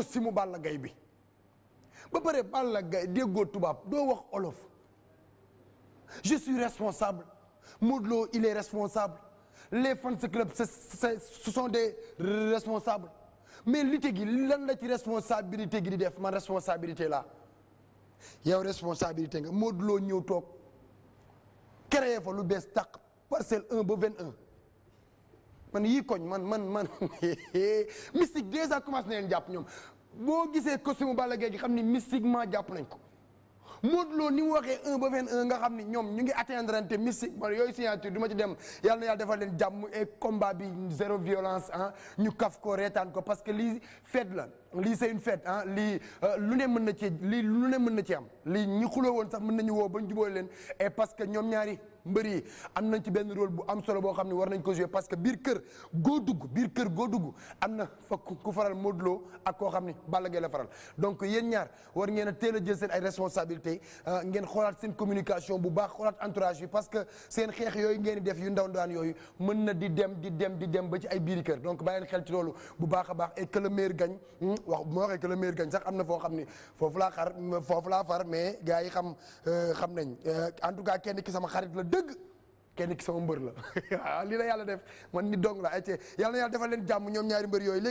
costume Balla gay bi ba pare Balla Gaye déggoo tubaab doo wax olof je suis responsable Modou Lo il est responsable les fans club ce sont des responsables mais lutte gi lan la ci responsabilité gi di def man responsabilité la yow responsabilité nga Modou Lo ñëw toog créé fo lu bees tàq parcelle 1 ba 21 man yii koñ man man man mystique déjà commencé na leen jàpp ñoom boo gisee costume Balla Gaye gi xam ni mystiquement jàpp nañ ko Modou loo ni mu waxee un ba vingt nga xam ni ñoom ñu ngi atteindre te mystique man yooyu signature du ma ci dem yàlla na yàlla defal leen jàmm e combat bi zéro violence ah ñu kaf ko reetaan ko parce que lii fête la lii c'est une fête ah, euh, lii lu ne mën na ci lii lu ne mën na ci am lii ñi xuloo woon sax mën nañu woo ba ñu jubóo leen et parce que ñoom ñaari mbër yi am nañ ci benn rôle bu am solo boo xam ne war nañ ko jouer parce que biir kër goo dugg biir kër goo dugg am na fa ku faral Modou ak koo xam ne Balla Gaye la faral donc yéen ñaar war ngeen a teel a jël seen ay responsabilités euh, ngeen xoolaat seen communication bu baax xoolaat entourage bi parce que seen xeex yooyu ngeen di def yu ndaw ndawaan yooyu mën na di dem di dem di dem ba ci ay biiri kër donc bàyyi leen xel ci loolu bu baax a baax et que le meilleur wax moo ma waxee que le sax am na foo xam ni foofu laa xar foofu laa far mais gars yi xam euh, xam nañ euh, en tout cas kenn ki sama xarit la dëgg kenn ki sama mbër la waaw lii la yàlla def man ni dong la ayca yàlla na yàlla defal jàmm ñoom ñaari mbër yooyu léegi